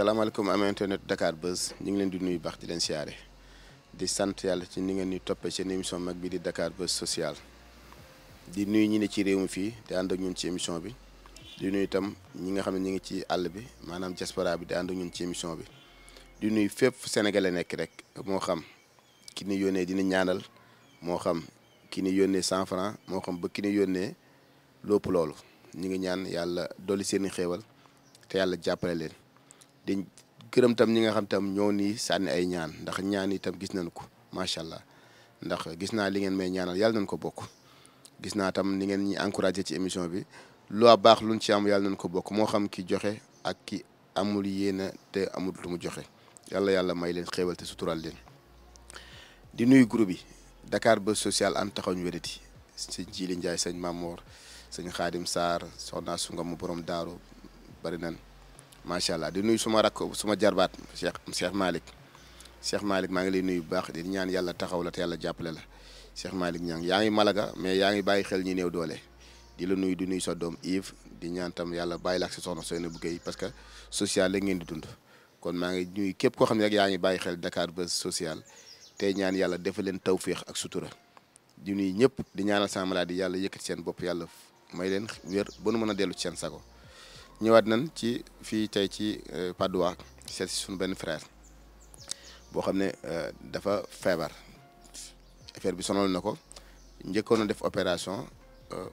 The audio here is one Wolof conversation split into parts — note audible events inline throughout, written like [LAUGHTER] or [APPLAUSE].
salaamaaleykum am internet Dakar Buzz ñu ngi leen di nuyu baax di leen siyaare di sant yàlla ci ni ngeen di toppee seen émission mag bi di Dakar Buzz social di nuyu ñi ne ci réew mi fii di ànd ak ñun ci émission bi di nuy itam ñi nga xam ne ñu ngi ci àll bi maanaam diaspora bi di ànd ak ci émission bi di nuyu fépp fu nekk rek moo xam ki ni yónnee dina ñaanal moo xam ki ni yónnee cent franc moo xam ba ki ni yónnee lopp loolu ñu ngi ñaan yàlla dolli seen i xéewal te yàlla jàppale leen. di gërëm tam ñi nga xam tam ñoo ni sànni ay ñaan ndax ñaan itam gis nañ ko macha allah ndax gis naa li ngeen may ñaanal yàlla nañ ko bokk gis naa tam ni ngeen ñi encouragé ci émission bi lu baax luñ ci am yàlla nañ ko bokk moo xam ki joxe ak ki amul yéena te amul lu mu joxe yàlla yàlla may leen xéewal te sutural leen nuyu groupe yi Dakar Buzz Social and taxaw ñu wérati sëñ Jili Ndiaye sëñ Mamor sëñ Xaadim saar soxna Sunga mu borom daaru bari nan macha allah di nuy suma rakk suma jarbaat Cheikh Cheikh Malick Cheikh Malick maa ngi lay nuyu bu baax di ñaan yàlla taxaw la te yàlla jàppale la Cheikh Malick ñaa yaa ngi Malaga mais yaa ngi bàyyi xel ñi néew doole di la nuyu di nuyu sa doom Yves di ñaan yàlla bàyyi la ak sa soxna Seynabou parce que social la ngeen di dund kon maa ngi nuyu képp koo xam ne rek yaa ngi bàyyi xel Dakar Buzz social tey ñaan yàlla defal leen tawféex ak sutura di nuy ñëpp di ñaanal sama malade yàlla yëkkati seen bopp yàlla may leen wér ba nu mën a dellu ci seen sago ñëwaat nañ ci fii tey ci euh, Padois seet si suñu benn frère boo xam ne euh, dafa feebar affaire bi sonal na ko njëkkoon na def opération euh,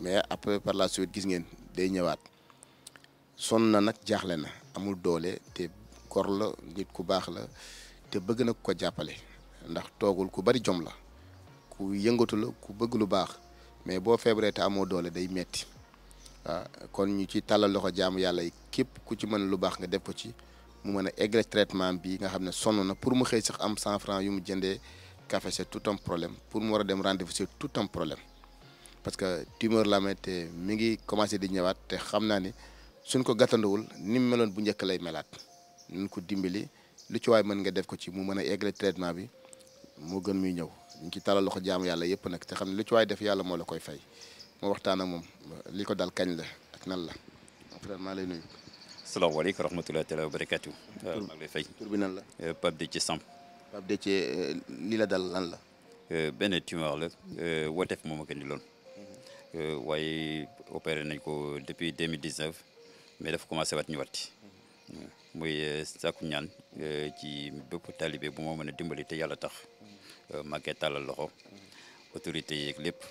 mais après par la suite gis ngeen day ñëwaat son na nag jaaxle na amul doole te gor la nit ku baax la te bëgg na ko jàppale ndax toogul ku bari jom la ku yëngatu la ku bëgg lu baax mais boo feebaree te amoo doole day metti Ah, kon ñu ci tàllal loxo jaamu yàlla yi képp ku ci mën lu baax nga def ko ci mu mën a eggale traitement bi nga xam ne sonn na pour mu xëy sax am cent franc yu mu jëndee café c'est tout un problème pour mu war a dem rendez-vous tout un problème parce que tumeur la amee te mi ngi commencé di ñëwaat te xam naa ni suñ ko gàttanduwul ni mu meloon bu njëkk lay melaat ñu ko dimbali lu ci waay mën nga def ko ci mu mën a eggale traitement bi moo gën muy ñëw ñu ci tàllal loxo jaamu yàlla yëpp nag lu ci waay def yàlla moo la koy fay. moo waxtaan ak moom li ko dal kañ la ak nan la frère maa lay nuyu. salaamaaleykum wa rahmatulah taala wa barakaatu. waaw maa ngi lay fay tur bi nan la. Euh, Pape Déthié Samb. Pape Déthié euh, li la dal lan la. Euh, benn tumeur la woteef moom ak indi loon mhm. waaye opéré nañ ko depuis 2019 mais def commencé wat ñu watti mhm. muy sàkku ñaan ci bépp talibé bu moo mën a dimbali te yàlla tax. màggee mhm. tàllal loxo autorité yeeg lépp.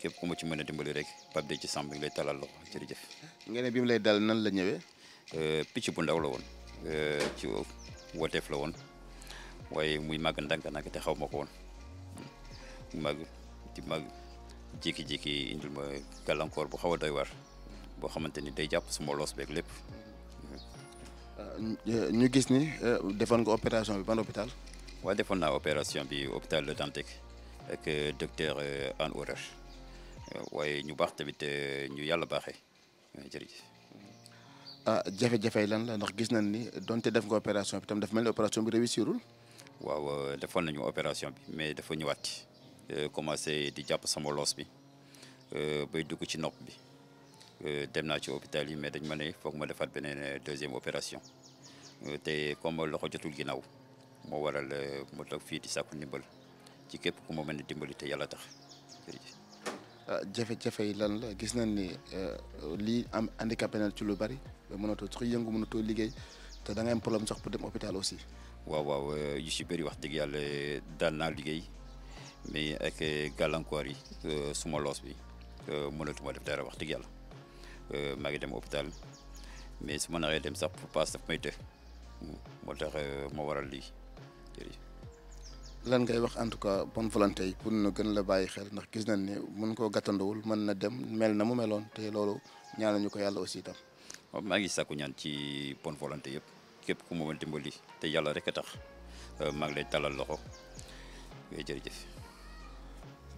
képp ku ma ci mën a dimbali rek Pape ci Samb mi ngi lay talal loxo nga ne bi mu lay dal nan la ñëwee. Euh, picc bu ndaw la woon. Euh, ci woteef la woon waaye muy màgg ndànk nak te xaw ma ko woon mag di mag jékki-jékki indil ma gàllankoor bu xaw a doy war boo xamante ni day jàpp suma loos beeg lépp. Euh, ñu gis ni defoon nga opération bi ban hôpital. waaw defoon naa opération bi hôpital Le Dantec docteur Anne Aurore. waaye ñu baax tamit euh, ñu yàlla baaxe jërëjëf. ah jafe-jafe lan la ndax gis nañ ni donte def nga opération bi tam dafa mel ni opération bi réussirul. waaw euh, defoon nañu opération bi mais dafa ñëwaat euh, commencé di jàpp sama loos bi bay dugg ci nopp bi dem naa ci hôpital yi mais dañ ma ne foog ma defaat beneen deuxième opération te comme loxo jotul ginnaaw moo waral mu toog fii di sàkku ndimbal ci képp ku ma mën a dimbali te yàlla tax jafe-jafe lan la gis nañ ni euh, lii am handicapé na ci lu bari mënatoo sax yëngu mënatoo liggéey te da ngay am problème sax pour dem hôpital aussi. waaw waaw euh, yu si bëri wax dëgg yàlla daal naa liggéey mais ak euh, gàllankoor yi suma loos bi mënatuma def dara wax dëgg yàlla maa ngi dem hôpital mais su ma naree dem sax pour paas daf may të hmm, moo tax ma waral lii lan ngay wax en tout cas bonne volonté yi pour ñu gën la bàyyi xel ndax gis nañ ne mun koo gàttandoowul mën na dem mel na mu meloon te loolu ñaan nañu ko yàlla aussi itam. maa ngi sàkku ñaan ci bonne yëpp képp ku dimbali te yàlla rek tax euh, maa ngi lay talal loxo jërëjëf.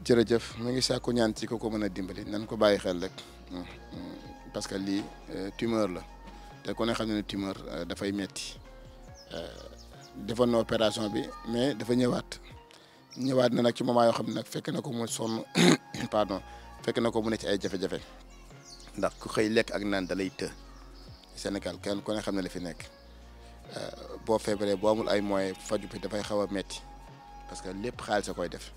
jërëjëf ngi sàkku ñaan ci ko ko mën a dimbali nañ ko bàyyi xel rek mm, mm, parce que lii euh, tumeur la te ku ne xam ne tumeur euh, dafay metti defoon na opération bi mais dafa ñëwaat ñëwaat na nag ci moment yoo xam ne nag fekk na ko mu sonn [COUGHS] pardon fekk na ko mu ne ci ay jafe-jafe ndax ku xëy lekk ak naan da lay të Sénégal kenn ku ne xam ne la fi nekk euh, boo feebaree boo amul ay moyens faju bi dafay xaw a metti parce que lépp xaalis koy def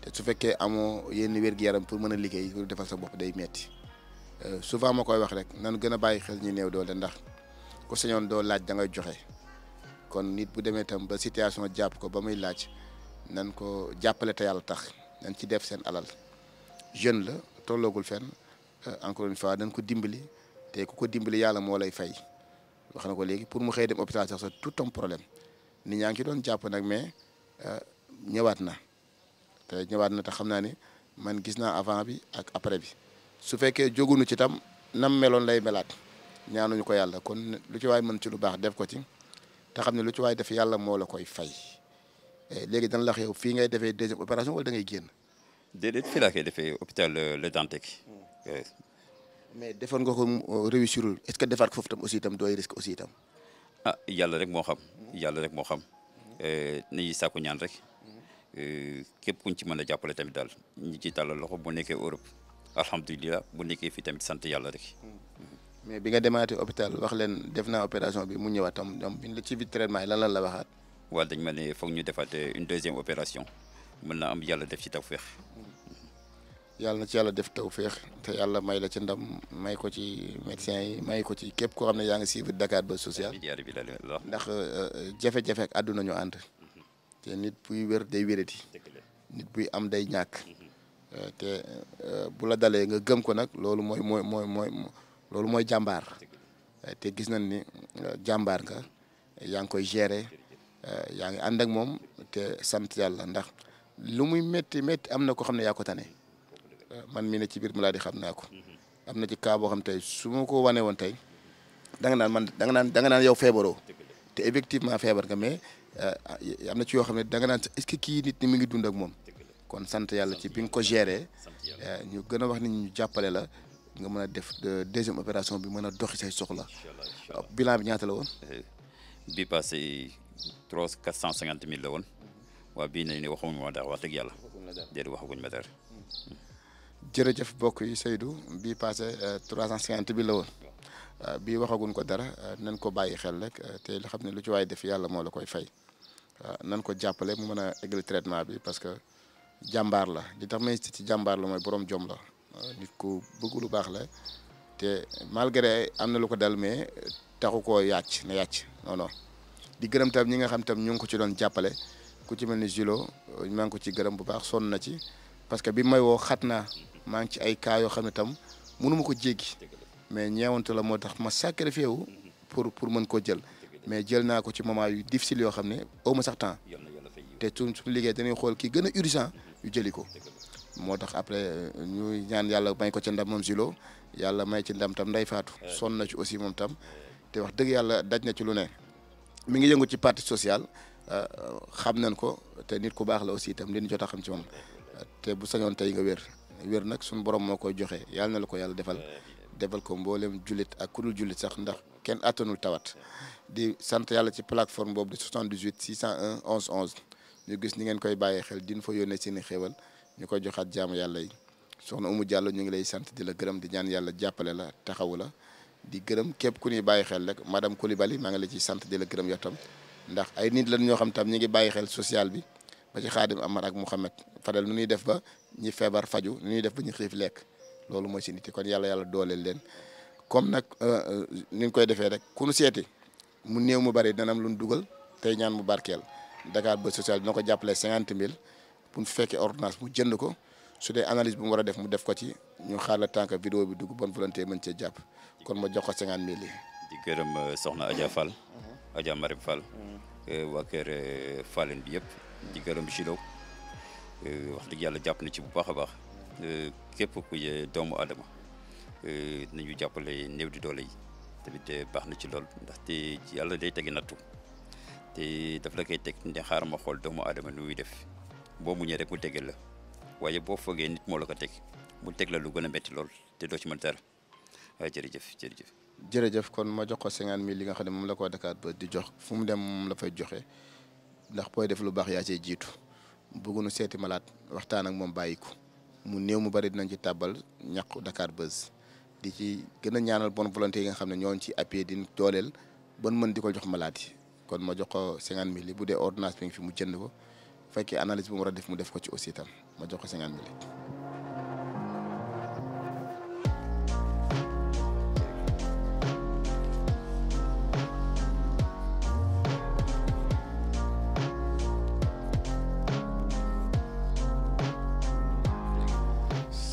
te su fekkee amoo yenn wér-gu-yaram pour mën a liggéey pour defal sa bopp day metti euh, souvent ma koy wax rek nanu gën a bàyyi xel ñu néew doole ndax ku sañoon doo laaj da ngay joxe. kon nit bu demee tam ba situation jàpp ko ba muy laaj nan ko jàppale te yàlla tax nan ci def seen alal jeune la tolloogul fenn euh, encore une fois dañ ko dimbali te ku ko dimbali yàlla moo lay fay wax na ko léegi pour mu xëy dem hôpital sax sa tout un problème nit ñaa ngi doon jàpp nag mais euh, ñëwaat na te ñëwaat na te xam naa ni man gis naa avant bi ak après bi su fekkee jógunu ci tam nam meloon lay melaat ñaanuñu ko yàlla kon lu ci waay mën ci lu baax def ko ci te xam ne lu ci waay def yàlla moo la koy fay eh, léegi dana la xew fii ngay defee deuxième opération wala da ngay génn. déedéet fii laa koy defee hôpital euh, Le Dantec. Hmm. mais defoon nga ko euh, réussirul est-ce que defaat ko foofu tam aussi itam dooy risque aussi itam. a ah, yàlla rek moo xam. Hmm. yàlla rek moo xam. Hmm. Eh, nañuy sàkku ñaan rek. Eh, képp kuñ ci mën a jàppale tamit daal ñi ci tàllal loxo bu nekkee Europe alhamdulilah bu nekkee fii tamit sant yàlla rek. mais bi nga demaatee hôpital wax leen def naa opération bi mu ñëwaat tam ñoom bi la ci biir traitement yi lan la waxaat. waaw dañ ma ne foog ñu defaat une deuxième opération mën na am yàlla def ci tawféex. yàlla na ci yàlla def tawféex te yàlla may la ci ndam may ko ci médecin yi may ko ci képp koo xam ne yaa ngi suivre Dakar Buzz Social. ndax euh, jafe-jafe ak àdduna ñu ànd. te nit buy wér day wérati. nit buy am day ñàkk. Mhm. Euh, te euh, bu la dalee nga gëm ko nag loolu mooy mooy mooy mooy. loolu mooy jàmbaar eh, te gis nañ ni eh, jàmbaar nga yaa koy gere eh, yaa ngi ànd ak moom te sant yàlla ndax lu muy metti métti am na ko xam ne yaa tane man mii ne ci biir malaadi xam naa ko am na ci cas boo xam tey su ma ko wanee woon tey danga naan man da naan da nga yow feebaroo te effectivement feebar nga mais am na ci yoo xam ne da nga naan est kii nit ñi mi ngi dund ak moom kon sant yàlla ci bi nga ko gérer ñu gën a wax ni ñu jàppale la. nga mën a def deuxième opération bi mën a doxi say soxla. bilan bi ñaata la woon. bi passé trois quatre cent cinquante mille la woon waaw bii nañu ne waxuñu ma dara wax dëgg yàlla. déedéet waxaguñu ma dara. jërëjëf mbokk yi Seydou bii passé trois cent cinquante mille la woon. bii waxaguñ ko dara eh, nañ ko bàyyi xel rek eh, te li xam ne lu ci waay def yàlla moo la koy fay. Eh, nan ko jàppale mu mën a eggal traitement bi parce que jàmbaar la li tax may ci jàmbaar la mooy borom jom la. Euh, nit ku bëgg lu baax la te malgré am na lu ko dal mais taxu koo yàcc na yàcc non non gërëm tam ñi nga xam tam ñu ngi ko ci doon jàppale ku ci mel ni Julo euh, maa ngi ko ci gërëm bu baax sonn na ci parce que bi may woo xat naa maa ngi ci ay cas yoo xam ne tam mënu ma ko jéggi mais ñeewantu la moo tax ma sacrifié wu pour pour mën koo jël mais jël naa ko ci moment yu difficile yoo xam ne aw ma sax temps te suñ suñu liggéey dañuy xool ki gën a urgent yu jëli ko moo tax après euh, ñu ñaan yàlla may ko ci ndam moom Zilo yàlla may ci ndam tam Ndeye Fatou sonn na ci aussi moom tam te wax dëgg yàlla daj na ci lu ne mu ngi yëngu ci parti sociale euh, xam nañ ko te nit ku baax la aussi itam li ñu jot a xam ci moom te bu sañoon tey nga wér wér nag suñu borom moo koy joxe yàlla na la ko yàlla defal defal ko mboolem jullit ak ku dul sax ndax kenn attanul tawat di sant yàlla ci plateforme boobu di 78 601 11 11 ñu gis ni ngeen koy bàyyee xel din fa yónnee seeni xéewal ñu koy joxaat jaamu yàlla yi soxna Umu jàll ñu ngi lay sant di la gërëm di ñaan yàlla jàppale la taxawu la di gërëm képp ku ñuy bàyyi xel rek madame Coulibaly maa ngi la ciy sant di la gërëm yow tam ndax ay nit lañ ñoo xam tam ñu ngi bàyyi xel social bi ba ci xaadim Amar ak Mouhamed Fadel nu ñuy def ba ñi feebar faju nu ñuy def ba ñu xiif lekk loolu mooy si nit yi kon yàlla yàlla dooleel leen comme nag euh, euh, nu ñu koy defee rek ku nu seeti mu néew mu bari dana lu nu dugal tey ñaan mu barkeel Dakar ba social dina ko jàppale cinquante mille bu fekkee ordinance mu jënd ko su dee analise bu mu war a def mu def ko ci ñu xaar la tànk vidéo bi dugg bonne volonté mën cee jàpp kon ma jox ko cinquante mille yi. di gërëm euh, soxna Adja Fall. Mhm. Adja Marème Fall. Mhm. Euh, waa kër euh, Fallen bi yëpp. di gërëm Chilo wax dëgg yàlla jàpp na ci bu baax a baax. képp ku doomu aadama nañu jàppale néew di doole yi tamit baax na ci lool ndax ndaxte yàlla day tegi nattu te daf la koy teg ne xaar ma xool doomu adama nu muy def. boo muñee rek mu tegal la waaye boo foogee moo la ko teg mu teg la lu gën a métti lool te doo ci mën dara waaye jërëjëf jërëjëf. kon ma jox ko cinquante mille li nga xam ne moom la ko Dakar ba di jox fu mu dem la fay joxe ndax booy def lu baax yaa cee jiitu bëggunu seeti malaat waxtaan ak moom bàyyi ko mu néew mu bari dinañ ci tàbbal ñàqu Dakar Buzz di ci gën a ñaanal bonne volonté yi nga xam ne ñooñu ci appuyé di dooleel ban mën di ko jox malaat yi kon ma jox ko cinquante mille bu dee ordonnance bi nga fi mu jënd ko. bu fekkee analise bu mu a def mu def ko ci aussi itam ma jox ko cinquante mille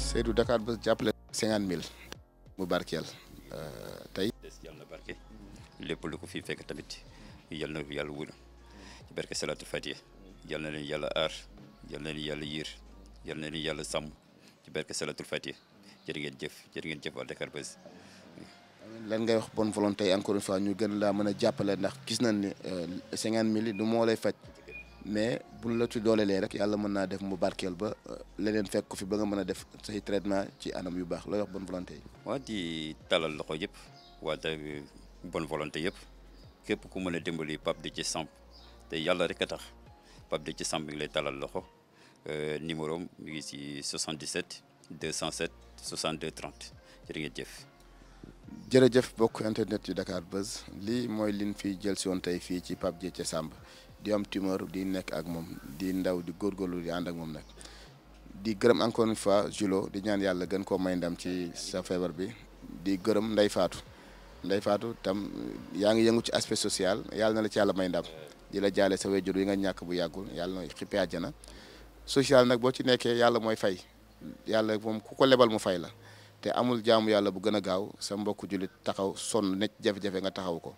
Seydou Dakar ba jàppale cinquante mille mu barkeel euh, tey. yàlla lu ko fi fekk tamit yàlla na yàlla wóor ci barke Salatul Fatiha. yal na leen yàlla aar yal na leen yàlla yiir yàlla sàmm ci barke salatul fatih jërë ngeen jëf jërë ngeen jëf waa Dakar Buzz lan nga wax bonne volonté encore une fois ñu gën laa mën a jàppale ndax gis nañ ni euh, cinquante mille du moo lay faj mais buñ la ci doolelee rek yàlla mën naa def mu barkeel ba euh, leneen fekk ko fi ba nga mën a def say traitement ci anam yu baax looy wax bonne volonté yi waa di talal loxo yëpp waa da bonne volonté yëpp képp ku mën a dimbali Pape Déthié Samb Pape Déthié Samb mi ngi lay talal loxo euh, numéro am mi ngi si 77 207 62 30 jërë ngeen jëf. jërëjëf bokk internet yu Dakar Buzz lii mooy liñ fi jël si woon tey fii ci Pape Déthié Samb di am tumeur di nekk ak moom di ndaw di góorgóorlu di ànd ak moom nag. di gërëm encore une fois Julo di ñaan yàlla gën koo may ndam ci sa feebar bi di gërëm nday Faatu Ndey Faatu tam yaa ngi yëngu ci aspect sociale yàlla na la ci yàlla may ndam. di la jaale sa wejur yi nga ñàkk bu yàggul yàlla na xippee àjjana social nag boo ci nekkee yàlla mooy fay yàlla moom ku ko lebal mu fay la te amul jaamu yàlla bu gën a gaaw sa mbokku jullit taxaw sonn nekk jafe-jafe nga taxaw ko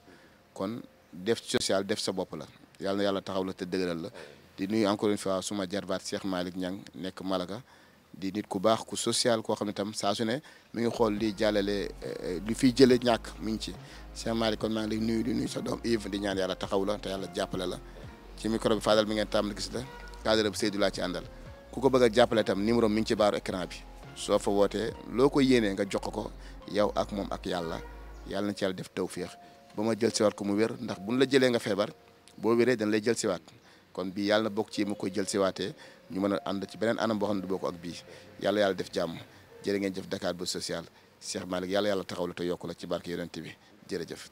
kon def social def sa bopp la yàlla yàlla taxaw la te dëgëral la di nuyu encore une fois suma jarbaat Cheikh Malick Niang nekk Malaga di nit ku baax ku social koo xam ne tam saa su ne mi ngi xool li jàllale li eh, fi jële ñàkk mi ngi ci Cheikh Malick kon maa ngi lay nuyu sa doom Yves di ñaan yàlla taxaw la te yàlla jàppale la ci micro bi mi ngeen tàmm gis la cadre bi Seydou laa ci àndal ku ko bëgg jàppale tam numéro mi ngi ci baaru écran bi soo fa wootee loo ko yéenee nga jox ko yow ak moom ak yàlla yàlla na ci yàlla def tawféex ba ma jël siwaat ko mu wér ndax buñ la jëlee nga feebar boo wéree dañ lay jël siwaat kon bii yàlla na bokk ci ma ko jël siwaatee ñu mën a ànd ci beneen anam boo xam ne du bokk ak bii yàlla yàlla def jàmm jërë ngeen jëf Dakar Buzz Social Cheikh Malick yàlla yàlla taxaw la te yokku la ci barke yonent bi jërëjëf